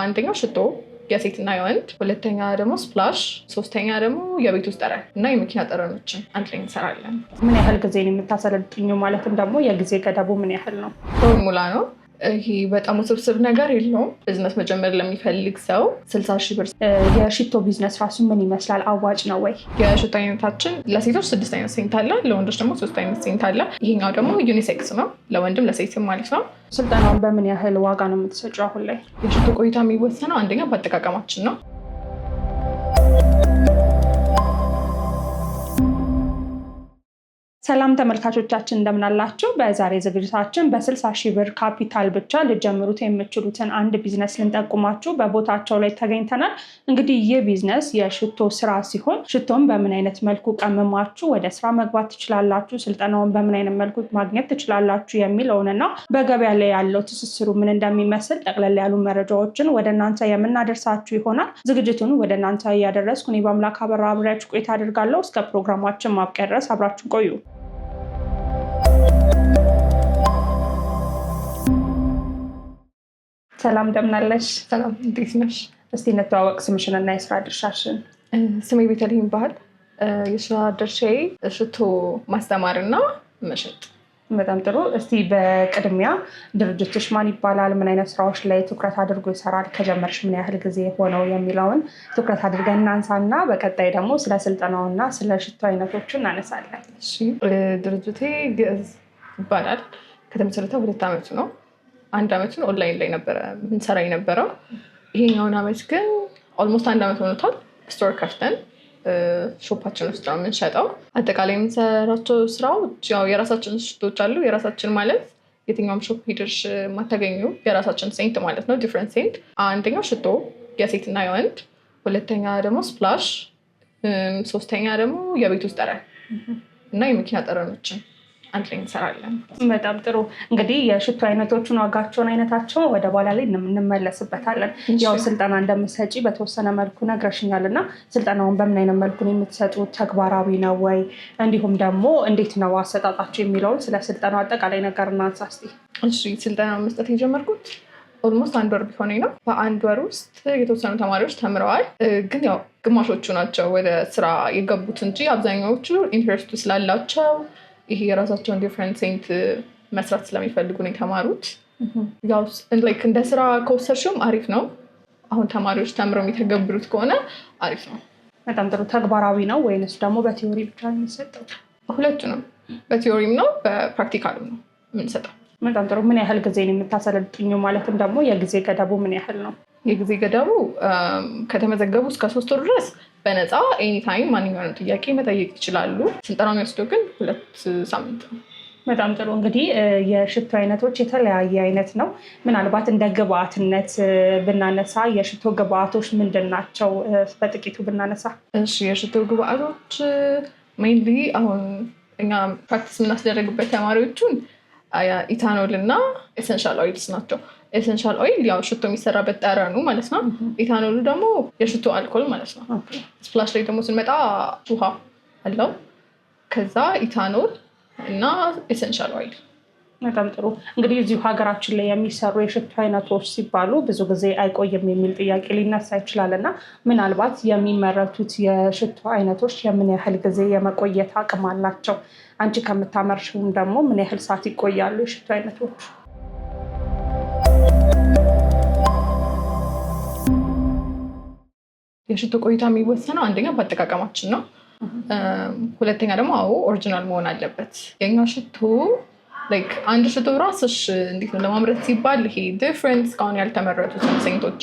አንደኛው ሽቶ የሴትና የወንድ ሁለተኛ ደግሞ ስፕላሽ፣ ሶስተኛ ደግሞ የቤት ውስጥ ጠረን እና የመኪና ጠረኖችን አንድ ላይ እንሰራለን። ምን ያህል ጊዜ የምታሰለጥኙ ማለትም ደግሞ የጊዜ ገደቡ ምን ያህል ነው? ፎርሙላ ነው ይሄ በጣም ውስብስብ ነገር የለውም። ቢዝነስ መጀመር ለሚፈልግ ሰው ስልሳ ሺህ ብር። የሽቶ ቢዝነስ ራሱ ምን ይመስላል? አዋጭ ነው ወይ? የሽቶ አይነታችን ለሴቶች ስድስት አይነት ሴንት አለ፣ ለወንዶች ደግሞ ሶስት አይነት ሴንት አለ። ይሄኛው ደግሞ ዩኒሴክስ ነው፣ ለወንድም ለሴትም ማለት ነው። ስልጠናውን በምን ያህል ዋጋ ነው የምትሰጩ? አሁን ላይ? የሽቶ ቆይታ የሚወሰነው አንደኛ በአጠቃቀማችን ነው ሰላም ተመልካቾቻችን እንደምናላችሁ። በዛሬ ዝግጅታችን በስልሳ ሺህ ብር ካፒታል ብቻ ልጀምሩት የምችሉትን አንድ ቢዝነስ ልንጠቁማችሁ በቦታቸው ላይ ተገኝተናል። እንግዲህ ይህ ቢዝነስ የሽቶ ስራ ሲሆን ሽቶን በምን አይነት መልኩ ቀምማችሁ ወደ ስራ መግባት ትችላላችሁ፣ ስልጠናውን በምን አይነት መልኩ ማግኘት ትችላላችሁ የሚለውንና በገበያ ላይ ያለው ትስስሩ ምን እንደሚመስል ጠቅለል ያሉ መረጃዎችን ወደ እናንተ የምናደርሳችሁ ይሆናል። ዝግጅቱን ወደ እናንተ እያደረስኩ እኔ በአምላክ አበራ አብሬያችሁ ቆይታ አድርጋለሁ። እስከ ፕሮግራማችን ማብቂያ ድረስ አብራችሁ ቆዩ። ሰላም ደምናለሽ ሰላም እንዴት ነሽ? እስቲ እንተዋወቅ ስምሽን እና የስራ ድርሻሽን። ስሜ ቤተልሔም ባህል፣ የስራ ድርሻ ሽቶ ማስተማር እና መሸጥ። በጣም ጥሩ። እስቲ በቅድሚያ ድርጅቶች ማን ይባላል፣ ምን አይነት ስራዎች ላይ ትኩረት አድርጎ ይሰራል፣ ከጀመርሽ ምን ያህል ጊዜ ሆነው የሚለውን ትኩረት አድርገን እናንሳና በቀጣይ ደግሞ ስለ ስልጠናውና ስለ ሽቶ አይነቶቹ እናነሳለን። ድርጅቴ ግዕዝ ይባላል። ከተመሰረተ ሁለት ዓመቱ ነው። አንድ አመትን ኦንላይን ላይ ነበረ ምንሰራ የነበረው። ይሄኛውን አመት ግን ኦልሞስት አንድ አመት ሆኖታል ስቶር ከፍተን ሾፓችን ውስጥ ነው የምንሸጠው። አጠቃላይ የምንሰራቸው ስራዎች ያው የራሳችን ሽቶች አሉ። የራሳችን ማለት የትኛውም ሾፕ ሂደሽ የማታገኙ የራሳችን ሴንት ማለት ነው። ዲፍረንት ሴንት፣ አንደኛው ሽቶ የሴትና የወንድ፣ ሁለተኛ ደግሞ ስፕላሽ፣ ሶስተኛ ደግሞ የቤት ውስጥ ጠረን እና የመኪና ጠረኖችን አንድ ላይ እንሰራለን። በጣም ጥሩ እንግዲህ የሽቶ አይነቶቹን ዋጋቸውን፣ አይነታቸው ወደ በኋላ ላይ እንመለስበታለን። ያው ስልጠና እንደምሰጪ በተወሰነ መልኩ ነግረሽኛል እና ስልጠናውን በምን አይነት መልኩ የምትሰጡት? ተግባራዊ ነው ወይ? እንዲሁም ደግሞ እንዴት ነው አሰጣጣቸው የሚለውን ስለ ስልጠናው አጠቃላይ ነገር እናንሳ እስኪ። እሺ ስልጠና መስጠት የጀመርኩት ኦልሞስት አንድ ወር ቢሆነኝ ነው። በአንድ ወር ውስጥ የተወሰኑ ተማሪዎች ተምረዋል። ግን ያው ግማሾቹ ናቸው ወደ ስራ የገቡት እንጂ አብዛኛዎቹ ኢንትረስቱ ስላላቸው ይሄ የራሳቸውን ዲፍረንት ሴንት uh, መስራት ስለሚፈልጉ ነው የተማሩት። እንደ ስራ ከወሰድሽም አሪፍ ነው። አሁን ተማሪዎች ተምረው የተገብሩት ከሆነ አሪፍ ነው። በጣም ጥሩ። ተግባራዊ ነው ወይንስ ደግሞ በቲዮሪ ብቻ የሚሰጠው ሁለቱ ነው በቲዮሪም ነው በፕራክቲካሉ ነው የምንሰጠው። በጣም ጥሩ። ምን ያህል ጊዜ የምታሰለጥኙ? ማለትም ደግሞ የጊዜ ገደቡ ምን ያህል ነው? የጊዜ ገደቡ um, ከተመዘገቡ እስከ ሶስት ወር ድረስ በነፃ ኤኒታይም ማንኛውንም ጥያቄ መጠየቅ ይችላሉ። ስልጠና የሚወስደው ግን ሁለት ሳምንት ነው። በጣም ጥሩ እንግዲህ የሽቶ አይነቶች የተለያየ አይነት ነው። ምናልባት እንደ ግብአትነት ብናነሳ የሽቶ ግብአቶች ምንድን ናቸው? በጥቂቱ ብናነሳ። እሺ የሽቶ ግብአቶች ሜይንሊ አሁን እኛ ፕራክቲስ የምናስደረግበት ተማሪዎቹን ኢታኖል እና ኤሰንሻል ኦይልስ ናቸው። ኤሰንሻል ኦይል ያው ሽቶ የሚሰራበት ጠረኑ ማለት ነው። ኢታኖሉ ደግሞ የሽቶ አልኮል ማለት ነው። ስፕላሽ ላይ ደግሞ ስንመጣ ውሃ አለው፣ ከዛ ኢታኖል እና ኤሰንሻል ኦይል። በጣም ጥሩ እንግዲህ እዚሁ ሀገራችን ላይ የሚሰሩ የሽቶ አይነቶች ሲባሉ ብዙ ጊዜ አይቆይም የሚል ጥያቄ ሊነሳ ይችላል እና ምናልባት የሚመረቱት የሽቶ አይነቶች የምን ያህል ጊዜ የመቆየት አቅም አላቸው? አንቺ ከምታመርሽውም ደግሞ ምን ያህል ሰዓት ይቆያሉ የሽቶ አይነቶች? የሽቶ ቆይታ የሚወሰነው አንደኛ በአጠቃቀማችን ነው። ሁለተኛ ደግሞ አዎ ኦሪጂናል መሆን አለበት። የኛ ሽቶ አንድ ሽቶ ራስሽ እንዴት ነው ለማምረት ሲባል ይሄ ዲፍረንት እስካሁን ያልተመረቱት ሴንቶች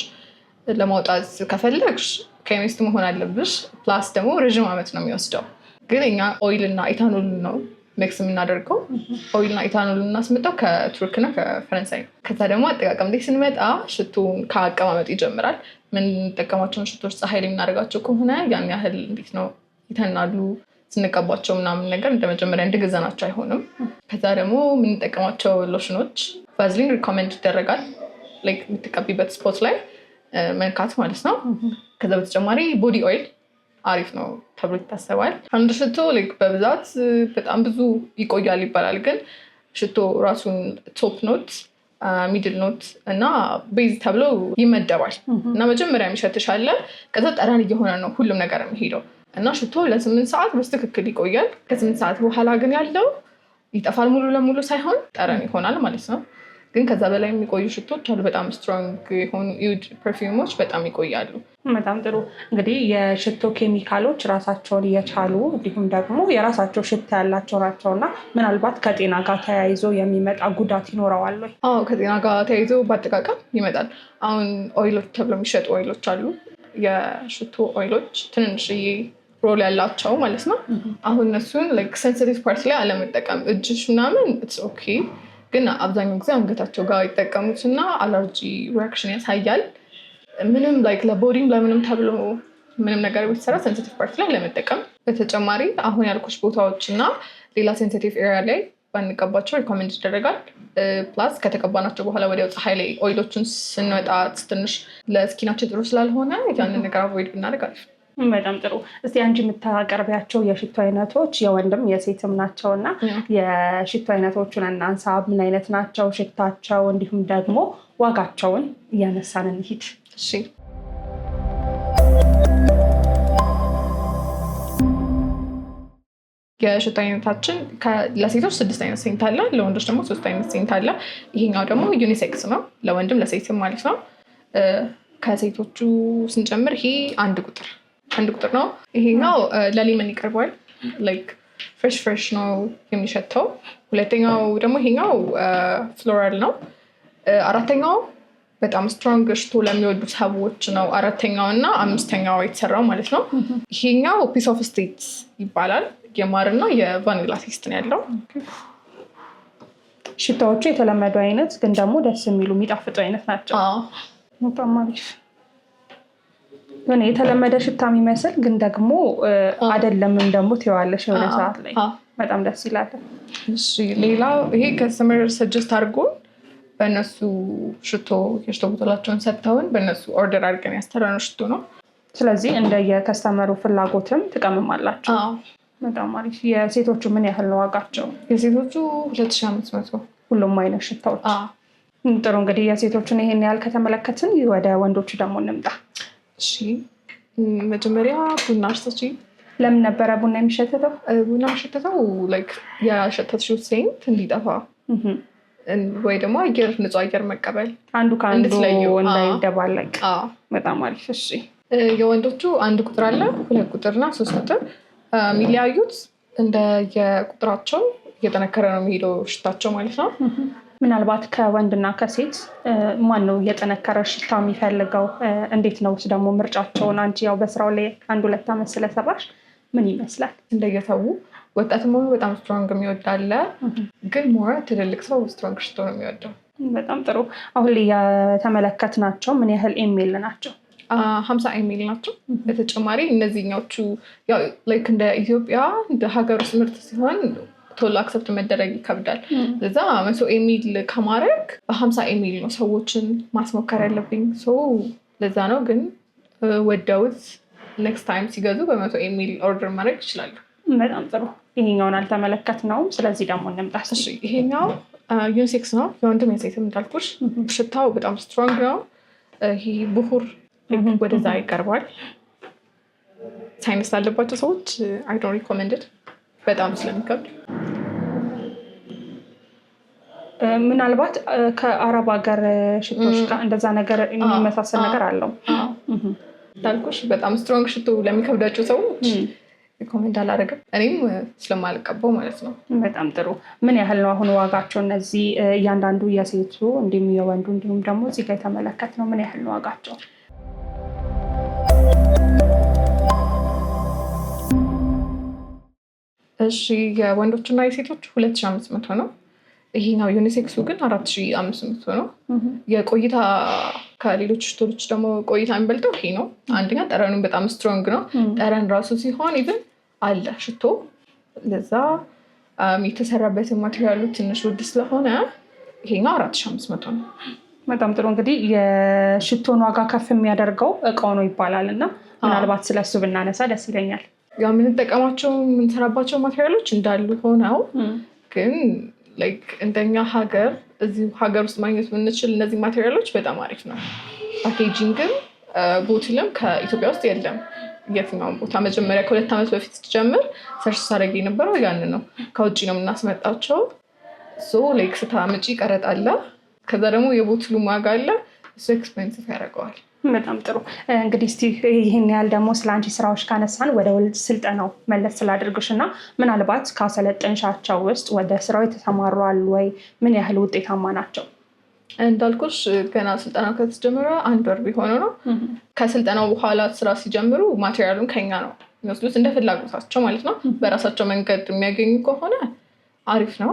ለማውጣት ከፈለግሽ ኬሚስት መሆን አለብሽ። ፕላስ ደግሞ ረዥም ዓመት ነው የሚወስደው። ግን እኛ ኦይል እና ኢታኖል ነው ሚክስ የምናደርገው ኦይልና ኢታኖል እናስመጣው ከቱርክና ከፈረንሳይ ነው። ከዛ ደግሞ አጠቃቀም ላይ ስንመጣ ሽቱን ከአቀማመጡ ይጀምራል። የምንጠቀማቸውን ሽቶች ፀሐይ ላይ የምናደርጋቸው ከሆነ ያን ያህል እንዴት ነው ይተናሉ ስንቀባቸው ምናምን ነገር እንደ መጀመሪያ እንደገዛናቸው አይሆንም። ከዛ ደግሞ የምንጠቀማቸው ሎሽኖች ቫዝሊን ሪኮመንድ ይደረጋል የምትቀቢበት ስፖት ላይ መንካት ማለት ነው። ከዛ በተጨማሪ ቦዲ ኦይል አሪፍ ነው ተብሎ ይታሰባል። አንድ ሽቶ በብዛት በጣም ብዙ ይቆያል ይባላል። ግን ሽቶ ራሱን ቶፕ ኖት፣ ሚድል ኖት እና ቤዝ ተብሎ ይመደባል እና መጀመሪያ የሚሸትሻለ ከዛ ጠረን እየሆነ ነው ሁሉም ነገር የሚሄደው እና ሽቶ ለስምንት ሰዓት በስትክክል ይቆያል። ከስምንት ሰዓት በኋላ ግን ያለው ይጠፋል ሙሉ ለሙሉ ሳይሆን ጠረን ይሆናል ማለት ነው። ግን ከዛ በላይ የሚቆዩ ሽቶች አሉ። በጣም ስትሮንግ የሆኑ ኢውድ ፐርፊውሞች በጣም ይቆያሉ። በጣም ጥሩ። እንግዲህ የሽቶ ኬሚካሎች ራሳቸውን እየቻሉ እንዲሁም ደግሞ የራሳቸው ሽታ ያላቸው ናቸው እና ምናልባት ከጤና ጋር ተያይዞ የሚመጣ ጉዳት ይኖረዋል ወይ? አዎ፣ ከጤና ጋር ተያይዞ በአጠቃቀም ይመጣል። አሁን ኦይሎች ተብሎ የሚሸጡ ኦይሎች አሉ። የሽቶ ኦይሎች ትንንሽዬ ሮል ያላቸው ማለት ነው። አሁን እነሱን ሴንስቲቭ ፓርት ላይ አለመጠቀም እጅሽ ምናምን ኦኬ ግን አብዛኛው ጊዜ አንገታቸው ጋር ይጠቀሙት እና አለርጂ ሪያክሽን ያሳያል። ምንም ላይክ ለቦዲም ለምንም ተብሎ ምንም ነገር ቢሰራ ሴንሲቲቭ ፓርት ላይ ለመጠቀም በተጨማሪ አሁን ያልኮች ቦታዎች እና ሌላ ሴንሲቲቭ ኤሪያ ላይ ባንቀባቸው ሪኮሜንድ ይደረጋል። ፕላስ ከተቀባናቸው በኋላ ወዲያው ፀሐይ ላይ ኦይሎቹን ስንወጣ ትንሽ ለስኪናቸው ጥሩ ስላልሆነ ያንን ነገር አቮይድ ብናደርግ አሪፍ ነው። በጣም ጥሩ። እስቲ አንቺ የምታቀርቢያቸው የሽቶ አይነቶች የወንድም የሴትም ናቸው እና የሽቶ አይነቶቹን እናንሳ። ምን አይነት ናቸው ሽታቸው፣ እንዲሁም ደግሞ ዋጋቸውን እያነሳን እንሂድ። እሺ፣ የሽቶ አይነታችን ለሴቶች ስድስት አይነት ሴንት አለ፣ ለወንዶች ደግሞ ሶስት አይነት ሴንት አለ። ይሄኛው ደግሞ ዩኒሴክስ ነው፣ ለወንድም ለሴትም ማለት ነው። ከሴቶቹ ስንጨምር ይሄ አንድ ቁጥር አንድ ቁጥር ነው። ይሄኛው ለሊመን ይቀርበዋል። ላይክ ፍሬሽ ፍሬሽ ነው የሚሸተው። ሁለተኛው ደግሞ ይሄኛው ፍሎራል ነው። አራተኛው በጣም ስትሮንግ ሽቶ ለሚወዱ ሰዎች ነው። አራተኛው እና አምስተኛው የተሰራው ማለት ነው። ይሄኛው ፒስ ኦፍ ስቴት ይባላል። የማርና የቫኒላ ቴስት ነው ያለው። ሽታዎቹ የተለመዱ አይነት ግን ደግሞ ደስ የሚሉ የሚጣፍጡ አይነት ናቸው። በጣም አሪፍ የሆነ የተለመደ ሽታ የሚመስል ግን ደግሞ አይደለምም ደግሞ ትዋለሽ የሆነ ሰዓት ላይ በጣም ደስ ይላል። እሺ ሌላ ይሄ ከስተመር ሰጀስት አድርጎን በእነሱ ሽቶ የሽቶ ቦተላቸውን ሰጥተውን በእነሱ ኦርደር አድርገን ያስተራነው ሽቶ ነው። ስለዚህ እንደ የከስተመሩ ፍላጎትም ትቀምማላቸው። በጣም አሪፍ። የሴቶቹ ምን ያህል ነው ዋጋቸው? የሴቶቹ ሁለት ሺህ አምስት መቶ ሁሉም አይነት ሽታዎች። ጥሩ እንግዲህ የሴቶቹን ይሄን ያህል ከተመለከትን ወደ ወንዶቹ ደግሞ እንምጣ። እሺ መጀመሪያ ቡና አሽተቺ። ለምን ነበረ ቡና የሚሸተተው? ቡና የሚሸተተው ላይክ የሸተትሽው ሴንት እንዲጠፋ ወይ ደግሞ አየር ንጹህ አየር መቀበል አንዱ ከአንዱ እንዳይደባለቅ። በጣም አሪፍ። እሺ የወንዶቹ አንድ ቁጥር አለ፣ ሁለት ቁጥርና ሶስት ቁጥር የሚለያዩት እንደ የቁጥራቸው እየጠነከረ ነው የሚሄደው ሽታቸው ማለት ነው። ምናልባት ከወንድና ከሴት ማን ነው እየጠነከረ ሽታ የሚፈልገው? እንዴት ነው ደግሞ ምርጫቸውን? አንቺ ያው በስራው ላይ አንድ ሁለት ዓመት ስለሰራሽ ምን ይመስላል? እንደየሰው ወጣት መሆኑ በጣም ስትሮንግ የሚወዳለ፣ ግን ሞረ ትልልቅ ሰው ስትሮንግ ሽቶ ነው የሚወደው። በጣም ጥሩ። አሁን ላይ የተመለከት ናቸው ምን ያህል ኤሜል ናቸው? ሀምሳ ኤሜል ናቸው። በተጨማሪ እነዚህኛዎቹ እንደ ኢትዮጵያ እንደ ሀገር ውስጥ ምርት ሲሆን ቶሎ አክሰፕት መደረግ ይከብዳል። እዛ መቶ ኤሚል ከማድረግ በሀምሳ ኤሚል ነው ሰዎችን ማስሞከር ያለብኝ። ለዛ ነው ግን ወደውት ኔክስት ታይም ሲገዙ በመቶ ኤሚል ኦርደር ማድረግ ይችላሉ። በጣም ጥሩ። ይሄኛውን አልተመለከት ነው። ስለዚህ ደግሞ እንምጣ። ይሄኛው ዩኒሴክስ ነው የወንድም የሴት እንዳልኩሽ። ሽታው በጣም ስትሮንግ ነው። ይሄ ብሁር ወደዛ ይቀርባል። ሳይነስ ላለባቸው ሰዎች አይዶን ሪኮመንድድ በጣም ስለሚከብድ ምናልባት ከአረብ ሀገር ሽቶች ጋር እንደዛ ነገር የሚመሳሰል ነገር አለው። እንዳልኩሽ በጣም ስትሮንግ ሽቶ ለሚከብዳቸው ሰዎች ኮሜንት አላደረግም፣ እኔም ስለማልቀበው ማለት ነው። በጣም ጥሩ። ምን ያህል ነው አሁን ዋጋቸው? እነዚህ እያንዳንዱ የሴቱ እንዲሁም የወንዱ እንዲሁም ደግሞ እዚህ ጋር የተመለከት ነው። ምን ያህል ነው ዋጋቸው? እሺ የወንዶችና የሴቶች ሁለት ሺ አምስት መቶ ነው። ይሄኛው ዩኒሴክሱ ግን አራት ሺ አምስት መቶ ነው። የቆይታ ከሌሎች ሽቶች ደግሞ ቆይታ የሚበልጠው ይሄ ነው። አንደኛ ጠረኑን በጣም ስትሮንግ ነው። ጠረን ራሱ ሲሆን ኢቭን አለ ሽቶ ለዛ የተሰራበትን ማቴሪያሉ ትንሽ ውድ ስለሆነ ይሄኛው አራት ሺ አምስት መቶ ነው። በጣም ጥሩ እንግዲህ የሽቶን ዋጋ ከፍ የሚያደርገው እቃው ነው ይባላል እና ምናልባት ስለሱ ብናነሳ ደስ ይለኛል። ያው የምንጠቀማቸው የምንሰራባቸው ማቴሪያሎች እንዳሉ ሆነው ግን እንደኛ ሀገር እዚህ ሀገር ውስጥ ማግኘት የምንችል እነዚህ ማቴሪያሎች በጣም አሪፍ ነው። ፓኬጂንግም ቦትልም ከኢትዮጵያ ውስጥ የለም። የትኛውም ቦታ መጀመሪያ ከሁለት ዓመት በፊት ስትጀምር ሰርሽ ሳረግ የነበረው ያን ነው። ከውጭ ነው የምናስመጣቸው። ሶ ላይክ ስታምጪ ቀረጥ አለ። ከዛ ደግሞ የቦትሉ ዋጋ አለ። እሱ ኤክስፔንሲቭ ያደርገዋል። በጣም ጥሩ እንግዲህ እስቲ ይህን ያህል ደግሞ ስለ አንቺ ስራዎች ካነሳን ወደ ስልጠናው መለስ ስላደርግሽ እና ምናልባት ካሰለጠንሻቸው ውስጥ ወደ ስራው የተሰማሯል ወይ? ምን ያህል ውጤታማ ናቸው? እንዳልኩሽ ገና ስልጠናው ከተጀመረ አንድ ወር ቢሆኑ ነው። ከስልጠናው በኋላ ስራ ሲጀምሩ ማቴሪያሉን ከኛ ነው የሚወስዱት፣ እንደ ፍላጎታቸው ማለት ነው። በራሳቸው መንገድ የሚያገኙ ከሆነ አሪፍ ነው፣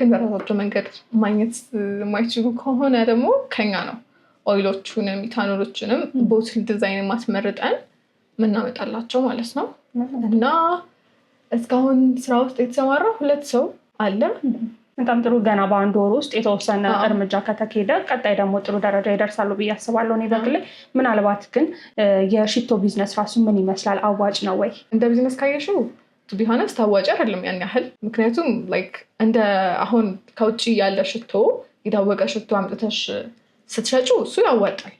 ግን በራሳቸው መንገድ ማግኘት የማይችሉ ከሆነ ደግሞ ከኛ ነው ኦይሎቹንም ኢታኖሎችንም ቦትል ዲዛይን ማስመርጠን ምናመጣላቸው ማለት ነው። እና እስካሁን ስራ ውስጥ የተሰማራ ሁለት ሰው አለ። በጣም ጥሩ። ገና በአንድ ወር ውስጥ የተወሰነ እርምጃ ከተካሄደ ቀጣይ ደግሞ ጥሩ ደረጃ ይደርሳሉ ብዬ አስባለሁ። እኔ በግሌ ምናልባት ግን የሽቶ ቢዝነስ ራሱ ምን ይመስላል? አዋጭ ነው ወይ? እንደ ቢዝነስ ካየሽው ቢሆነስ ታዋጭ አይደለም ያን ያህል። ምክንያቱም ላይክ እንደ አሁን ከውጭ ያለ ሽቶ የታወቀ ሽቶ አምጥተሽ ስትሸጩ እሱ ያዋጣል።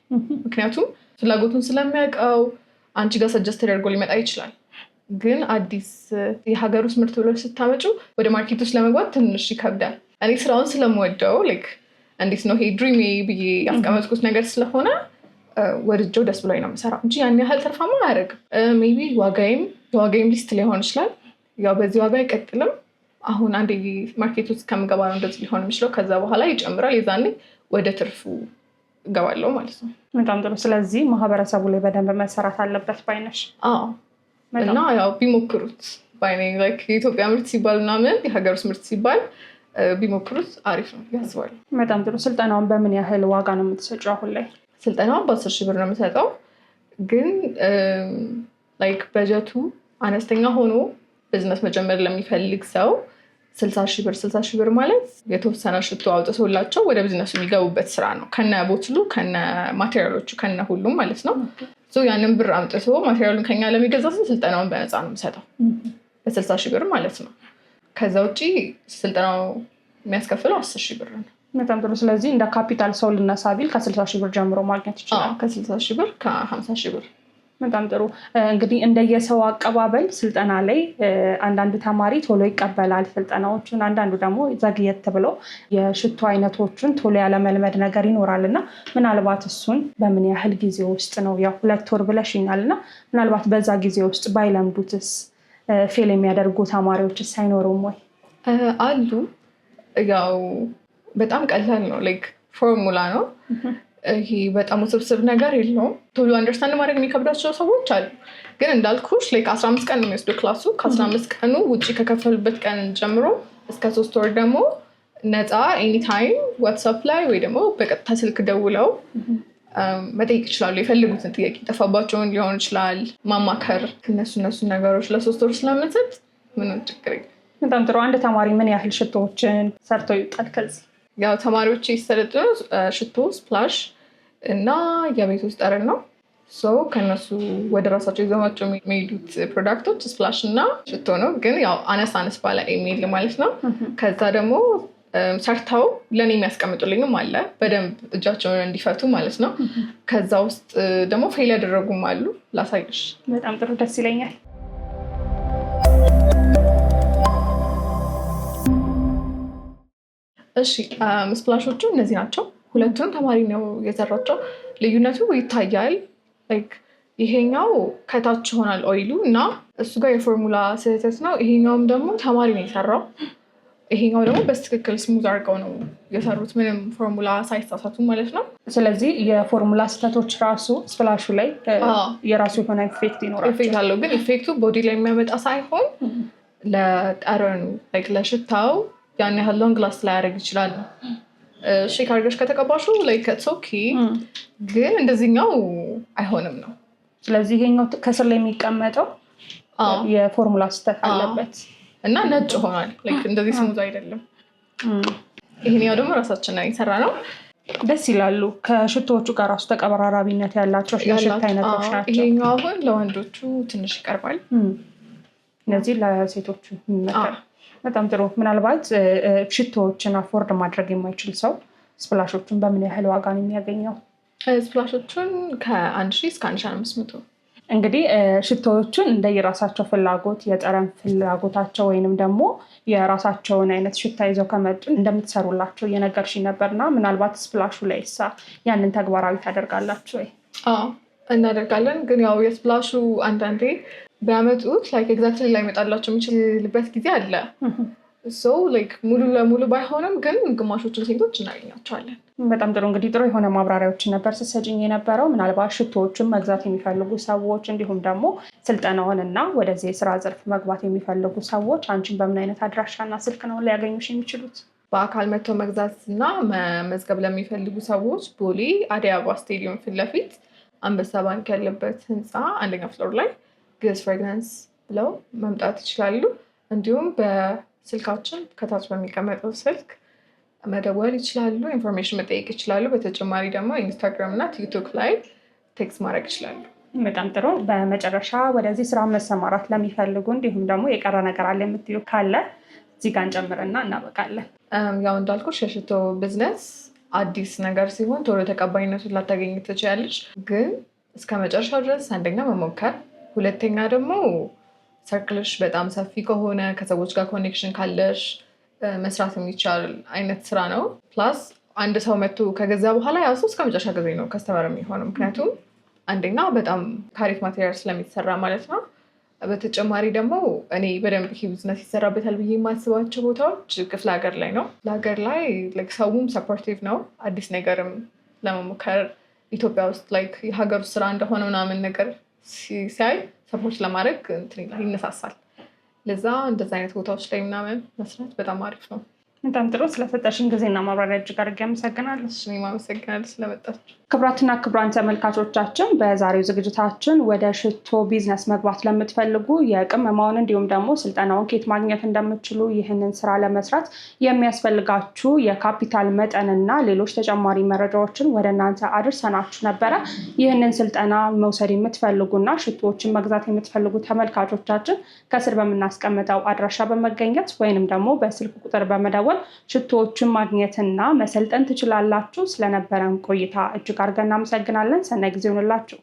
ምክንያቱም ፍላጎቱን ስለሚያውቀው አንቺ ጋር ሰጀስት ተደርጎ ሊመጣ ይችላል። ግን አዲስ የሀገር ውስጥ ምርት ብሎ ስታመጩ ወደ ውስጥ ለመግባት ትንሽ ይከብዳል። እኔ ስራውን ስለምወደው ላይክ እንዴት ነው ይሄ ድሪም ብዬ ያስቀመጥኩት ነገር ስለሆነ ወድጀው ደስ ብሎኝ ነው የምሰራው እንጂ ያን ያህል ተርፋማ አያደርግም። ሜይ ቢ ዋጋይም የዋጋይም ሊስት ሊሆን ይችላል። ያው በዚህ ዋጋ አይቀጥልም። አሁን አንድ ማርኬት ውስጥ ከምገባ ነው እንደዚህ ሊሆን የሚችለው። ከዛ በኋላ ይጨምራል። የዛኔ ወደ ትርፉ እገባለሁ ማለት ነው። በጣም ጥሩ። ስለዚህ ማህበረሰቡ ላይ በደንብ መሰራት አለበት ባይነሽ። እና ያው ቢሞክሩት ባይኔ የኢትዮጵያ ምርት ሲባል ምናምን የሀገር ውስጥ ምርት ሲባል ቢሞክሩት አሪፍ ነው ያስባል። በጣም ጥሩ። ስልጠናውን በምን ያህል ዋጋ ነው የምትሰጪው አሁን ላይ? ስልጠናውን በአስር ሺህ ብር ነው የምሰጠው፣ ግን ላይክ በጀቱ አነስተኛ ሆኖ ቢዝነስ መጀመር ለሚፈልግ ሰው ስልሳ ሺህ ብር ስልሳ ሺህ ብር ማለት የተወሰነ ሽቶ አውጥቶላቸው ወደ ቢዝነሱ የሚገቡበት ስራ ነው። ከነ ቦትሉ ከነ ማቴሪያሎቹ ከነ ሁሉም ማለት ነው። ያንን ብር አምጥቶ ማቴሪያሉን ከኛ ለሚገዛ ሰው ስልጠናውን በነፃ ነው የምሰጠው በስልሳ ሺህ ብር ማለት ነው። ከዛ ውጭ ስልጠናው የሚያስከፍለው አስር ሺህ ብር ነው። በጣም ጥሩ። ስለዚህ እንደ ካፒታል ሰው ልነሳ ቢል ከስልሳ ሺህ ብር ጀምሮ ማግኘት ይችላል። ከስልሳ ሺህ ብር ከሀምሳ ሺህ ብር በጣም ጥሩ እንግዲህ እንደየሰው አቀባበል ስልጠና ላይ አንዳንድ ተማሪ ቶሎ ይቀበላል ስልጠናዎቹን፣ አንዳንዱ ደግሞ ዘግየት ብለው የሽቶ አይነቶቹን ቶሎ ያለመልመድ ነገር ይኖራል እና ምናልባት እሱን በምን ያህል ጊዜ ውስጥ ነው ያው ሁለት ወር ብለሽኛል እና ምናልባት በዛ ጊዜ ውስጥ ባይለምዱትስ ፌል የሚያደርጉ ተማሪዎችስ አይኖሩም ወይ? አሉ። ያው በጣም ቀላል ነው ላይክ ፎርሙላ ነው ይሄ በጣም ውስብስብ ነገር የለውም። ቶሎ አንደርስታንድ ማድረግ የሚከብዳቸው ሰዎች አሉ። ግን እንዳልኩሽ ላይክ አስራ አምስት ቀን ነው የሚወስደው ክላሱ። ከአስራ አምስት ቀኑ ውጭ ከከፈሉበት ቀን ጀምሮ እስከ ሶስት ወር ደግሞ ነፃ ኤኒታይም ዋትሳፕ ላይ ወይ ደግሞ በቀጥታ ስልክ ደውለው መጠየቅ ይችላሉ። የፈልጉትን ጥያቄ ጠፋባቸውን ሊሆን ይችላል ማማከር። እነሱ እነሱ ነገሮች ለሶስት ወር ስለምንሰጥ ምንም ችግር በጣም ጥሩ። አንድ ተማሪ ምን ያህል ሽቶዎችን ሰርቶ ይውጣል ከዚህ? ያው ተማሪዎች ሲሰለጡ ሽቶ፣ ስፕላሽ እና የቤት ውስጥ ጠረን ነው። ሰው ከነሱ ወደ ራሳቸው ይዘዋቸው የሚሄዱት ፕሮዳክቶች ስፕላሽ እና ሽቶ ነው። ግን ያው አነስ አነስ ባለ ኢሜይል ማለት ነው። ከዛ ደግሞ ሰርተው ለእኔ የሚያስቀምጡልኝም አለ በደንብ እጃቸውን እንዲፈቱ ማለት ነው። ከዛ ውስጥ ደግሞ ፌል ያደረጉም አሉ። ላሳይሽ። በጣም ጥሩ ደስ ይለኛል። እሺ ስፕላሾቹ እነዚህ ናቸው። ሁለቱንም ተማሪ ነው የሰራቸው። ልዩነቱ ይታያል። ይሄኛው ከታች ይሆናል ኦይሉ እና እሱ ጋር የፎርሙላ ስህተት ነው። ይሄኛውም ደግሞ ተማሪ ነው የሰራው። ይሄኛው ደግሞ በትክክል ስሙዝ አድርገው ነው የሰሩት፣ ምንም ፎርሙላ ሳይሳሳቱ ማለት ነው። ስለዚህ የፎርሙላ ስህተቶች ራሱ ስፕላሹ ላይ የራሱ የሆነ ኢፌክት ይኖራል። ኢፌክት አለው፣ ግን ኢፌክቱ ቦዲ ላይ የሚያመጣ ሳይሆን ለጠረኑ ለሽታው ያን ያህል ሎንግ ላስት ላያደርግ ይችላል። ሼክ አድርገሽ ከተቀባሹ ላይ ከቶኪ ግን እንደዚህኛው አይሆንም ነው። ስለዚህ ይሄኛው ከስር ላይ የሚቀመጠው የፎርሙላ ስህተት አለበት እና ነጭ ሆናል እንደዚህ ስሙዝ አይደለም። ይሄኛው ደግሞ ራሳችን የሰራ ነው። ደስ ይላሉ። ከሽቶዎቹ ጋር ራሱ ተቀበራራቢነት ያላቸው የሽታ አይነቶች ናቸው። ይሄኛው አሁን ለወንዶቹ ትንሽ ይቀርባል። እነዚህ ለሴቶቹ ይመጣል። በጣም ጥሩ። ምናልባት ሽቶዎችን አፎርድ ማድረግ የማይችል ሰው ስፕላሾቹን በምን ያህል ዋጋ ነው የሚያገኘው? ስፕላሾቹን ከአንድ ሺህ እስከ አንድ ሺህ አምስት መቶ እንግዲህ ሽቶዎቹን እንደ የራሳቸው ፍላጎት የጠረን ፍላጎታቸው ወይንም ደግሞ የራሳቸውን አይነት ሽታ ይዘው ከመጡ እንደምትሰሩላቸው እየነገርሽኝ ነበርና ምናልባት ስፕላሹ ላይ ሳ ያንን ተግባራዊ ታደርጋላችሁ ወይ? እናደርጋለን። ግን ያው የስፕላሹ አንዳንዴ ቢያመጡት ላይክ ኤግዛክትሊ ላይመጣላቸው የሚችልበት ጊዜ አለ። ሰው ላይክ ሙሉ ለሙሉ ባይሆንም ግን ግማሾቹን ሴቶች እናገኛቸዋለን። በጣም ጥሩ እንግዲህ ጥሩ የሆነ ማብራሪያዎችን ነበር ስሰጅኝ የነበረው። ምናልባት ሽቶዎችን መግዛት የሚፈልጉ ሰዎች እንዲሁም ደግሞ ስልጠናውን እና ወደዚህ የስራ ዘርፍ መግባት የሚፈልጉ ሰዎች አንቺን በምን አይነት አድራሻና ስልክ ነው ሊያገኙሽ የሚችሉት? በአካል መጥተው መግዛት እና መመዝገብ ለሚፈልጉ ሰዎች ቦሌ አደይ አበባ ስቴዲየም ፊት ለፊት አንበሳ ባንክ ያለበት ህንፃ አንደኛ ፍሎር ላይ ግስ ፍሬግናንስ ብለው መምጣት ይችላሉ። እንዲሁም በስልካችን ከታች በሚቀመጠው ስልክ መደወል ይችላሉ። ኢንፎርሜሽን መጠየቅ ይችላሉ። በተጨማሪ ደግሞ ኢንስታግራም እና ቲክቶክ ላይ ቴክስት ማድረግ ይችላሉ። በጣም ጥሩ። በመጨረሻ ወደዚህ ስራ መሰማራት ለሚፈልጉ እንዲሁም ደግሞ የቀረ ነገር አለ የምትዩ ካለ እዚህ ጋር እንጨምርና እናበቃለን። ያው እንዳልኩ ሸሽቶ ቢዝነስ አዲስ ነገር ሲሆን ቶሎ ተቀባይነቱን ላታገኝ ትችላለች። ግን እስከ መጨረሻው ድረስ አንደኛ መሞከር ሁለተኛ ደግሞ ሰርክልሽ በጣም ሰፊ ከሆነ ከሰዎች ጋር ኮኔክሽን ካለሽ መስራት የሚቻል አይነት ስራ ነው። ፕላስ አንድ ሰው መቶ ከገዛ በኋላ ያ እስከ መጨረሻ ጊዜ ነው ከስተመር የሚሆነው። ምክንያቱም አንደኛ በጣም ካሪፍ ማቴሪያል ስለሚሰራ ማለት ነው። በተጨማሪ ደግሞ እኔ በደንብ ይሄ ቢዝነስ ይሰራበታል ብዬ የማስባቸው ቦታዎች ክፍለ ሀገር ላይ ነው። ለሀገር ላይ ሰውም ሰፖርቲቭ ነው። አዲስ ነገርም ለመሞከር ኢትዮጵያ ውስጥ ላይክ የሀገር ውስጥ ስራ እንደሆነ ምናምን ነገር ሲያይ ሰፖርት ለማድረግ ይነሳሳል። ለዛ እንደዚ አይነት ቦታዎች ላይ ምናምን መስራት በጣም አሪፍ ነው። በጣም ጥሩ ስለሰጠሽን ጊዜና ማብራሪያ እጅግ አድርጌ አመሰግናለሁ። እኔም አመሰግናለሁ ስለመጣችሁ። ክብራትና ክብራን ተመልካቾቻችን በዛሬው ዝግጅታችን ወደ ሽቶ ቢዝነስ መግባት ለምትፈልጉ የቅመማውን እንዲሁም ደግሞ ስልጠናውን ኬት ማግኘት እንደምችሉ ይህንን ስራ ለመስራት የሚያስፈልጋችሁ የካፒታል መጠንና ሌሎች ተጨማሪ መረጃዎችን ወደ እናንተ አድርሰናችሁ ነበረ። ይህንን ስልጠና መውሰድ የምትፈልጉና ሽቶዎችን መግዛት የምትፈልጉ ተመልካቾቻችን ከስር በምናስቀምጠው አድራሻ በመገኘት ወይንም ደግሞ በስልክ ቁጥር በመደወል በመደወል ሽቶዎችን ማግኘትና መሰልጠን ትችላላችሁ። ስለነበረን ቆይታ እጅግ አድርገን እናመሰግናለን። ሰናይ ጊዜ ይሆንላችሁ።